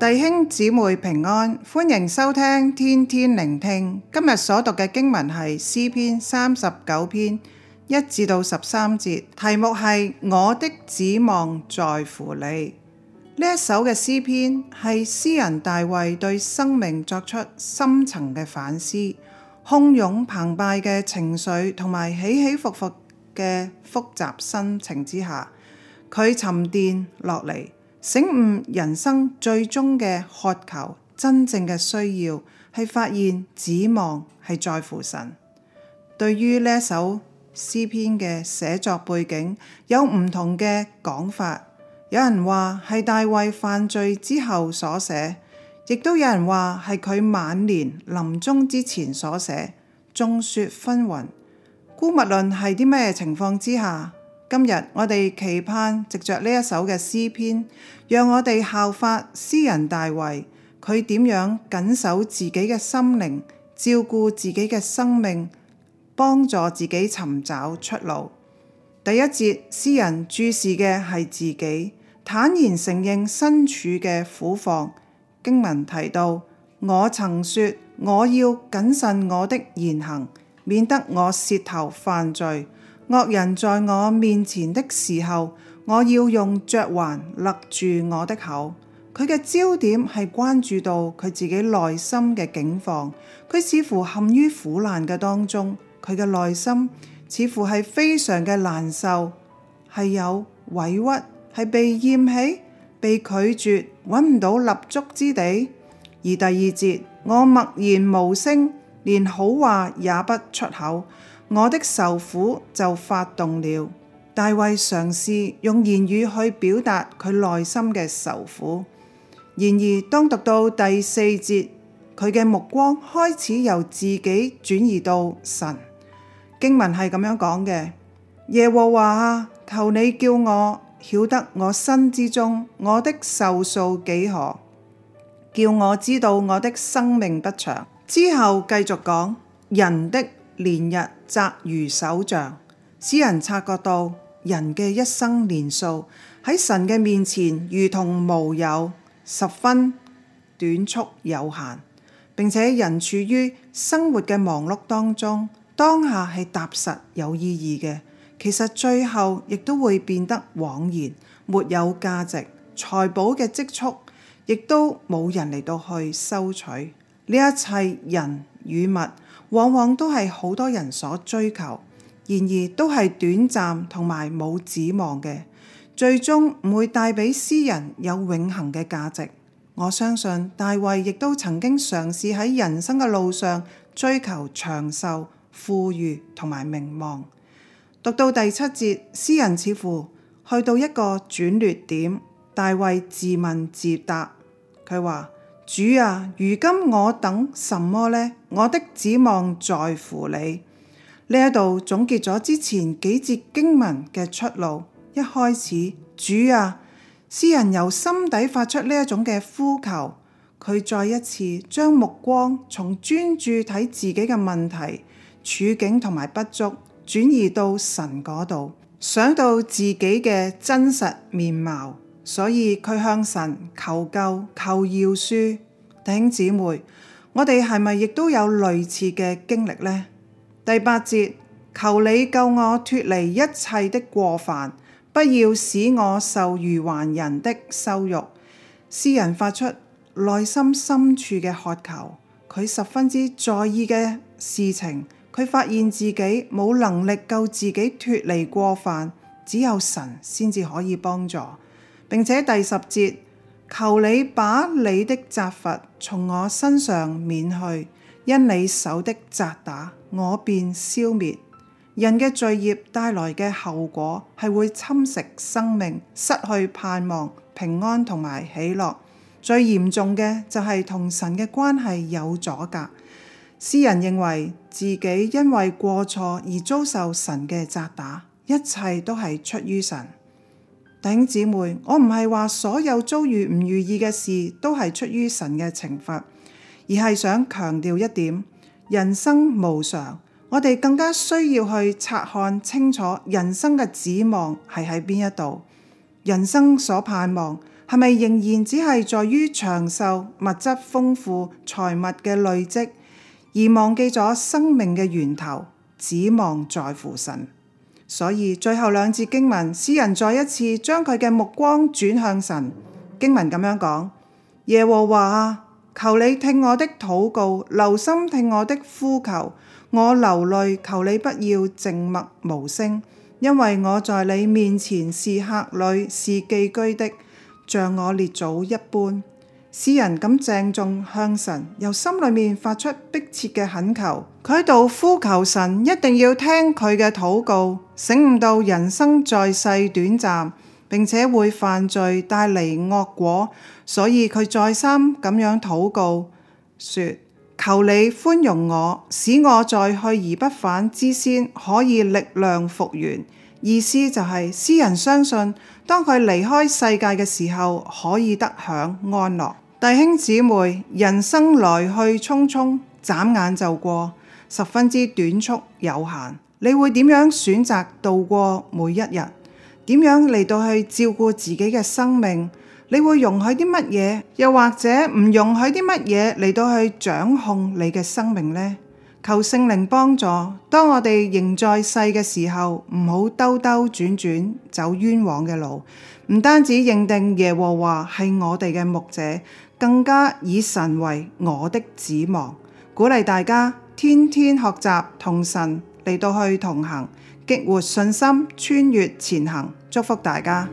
弟兄姊妹平安，歡迎收聽天天靈聽。今日所讀嘅經文係詩篇三十九篇一至到十三節，題目係我的指望在乎你。呢一首嘅詩篇係詩人大衛對生命作出深層嘅反思，洶湧澎湃嘅情緒同埋起起伏伏嘅複雜心情之下，佢沉澱落嚟。醒悟人生最終嘅渴求，真正嘅需要，係發現指望係在乎神。對於呢首詩篇嘅寫作背景，有唔同嘅講法。有人話係大衛犯罪之後所寫，亦都有人話係佢晚年臨終之前所寫。眾說紛紜，姑勿論係啲咩情況之下。今日我哋期盼，藉着呢一首嘅詩篇，讓我哋效法詩人大衛，佢點樣謹守自己嘅心靈，照顧自己嘅生命，幫助自己尋找出路。第一節，詩人注視嘅係自己，坦然承認身處嘅苦況。經文提到：我曾說，我要謹慎我的言行，免得我舌頭犯罪。惡人在我面前的時候，我要用嚼環勒住我的口。佢嘅焦點係關注到佢自己內心嘅境況，佢似乎陷於苦難嘅當中，佢嘅內心似乎係非常嘅難受，係有委屈，係被厭棄、被拒絕，搵唔到立足之地。而第二節，我默然無聲，連好話也不出口。我的愁苦就發動了。大衛嘗試用言語去表達佢內心嘅愁苦，然而當讀到第四節，佢嘅目光開始由自己轉移到神。經文係咁樣講嘅：耶和華啊，求你叫我曉得我身之終，我的壽數幾何，叫我知道我的生命不長。之後繼續講人的。年日窄如手掌，使人察覺到人嘅一生年數喺神嘅面前如同無有，十分短促有限，并且人處於生活嘅忙碌當中，當下係踏實有意義嘅，其實最後亦都會變得枉然，沒有價值。財寶嘅積蓄，亦都冇人嚟到去收取，呢一切人與物。往往都係好多人所追求，然而都係短暫同埋冇指望嘅，最終唔會帶俾詩人有永恒嘅價值。我相信大衛亦都曾經嘗試喺人生嘅路上追求長壽、富裕同埋名望。讀到第七節，詩人似乎去到一個轉捩點，大衛自問自答，佢話：主啊，如今我等什麼呢？我的指望在乎你。呢一度總結咗之前幾節經文嘅出路。一開始，主啊，詩人由心底發出呢一種嘅呼求，佢再一次將目光從專注睇自己嘅問題、處境同埋不足，轉移到神嗰度，想到自己嘅真實面貌。所以佢向神求救、求饒恕。弟兄姊妹，我哋係咪亦都有類似嘅經歷呢？第八節，求你救我脫離一切的過犯，不要使我受愚頑人的羞辱。詩人發出內心深處嘅渴求，佢十分之在意嘅事情，佢發現自己冇能力救自己脫離過犯，只有神先至可以幫助。並且第十節，求你把你的責罰從我身上免去，因你手的責打，我便消滅。人嘅罪孽帶來嘅後果係會侵蝕生命，失去盼望、平安同埋喜樂。最嚴重嘅就係同神嘅關係有阻隔。詩人認為自己因為過錯而遭受神嘅責打，一切都係出於神。弟兄姊妹，我唔係話所有遭遇唔如意嘅事都係出於神嘅懲罰，而係想強調一點：人生無常，我哋更加需要去察看清楚人生嘅指望係喺邊一度。人生所盼望係咪仍然只係在於長壽、物質豐富、財物嘅累積，而忘記咗生命嘅源頭？指望在乎神。所以最後兩節經文，詩人再一次將佢嘅目光轉向神。經文咁樣講：耶和華啊，求你聽我的禱告，留心聽我的呼求。我流淚，求你不要靜默無聲，因為我在你面前是客旅，是寄居的，像我列祖一般。詩人咁鄭重向神，由心裏面發出迫切嘅懇求，佢道：「呼求神，一定要聽佢嘅禱告，醒悟到人生在世短暫，並且會犯罪帶嚟惡果，所以佢再三咁樣禱告，說：求你寬容我，使我在去而不返之先，可以力量復原。意思就係、是，詩人相信，當佢離開世界嘅時候，可以得享安樂。弟兄姊妹，人生來去匆匆，眨眼，就過，十分之短促有限。你會點樣選擇度過每一日？點樣嚟到去照顧自己嘅生命？你會容許啲乜嘢？又或者唔容許啲乜嘢嚟到去掌控你嘅生命呢？求聖靈幫助，當我哋仍在世嘅時候，唔好兜兜轉轉走冤枉嘅路。唔單止認定耶和華係我哋嘅牧者，更加以神為我的指望。鼓勵大家天天學習，同神嚟到去同行，激活信心，穿越前行。祝福大家。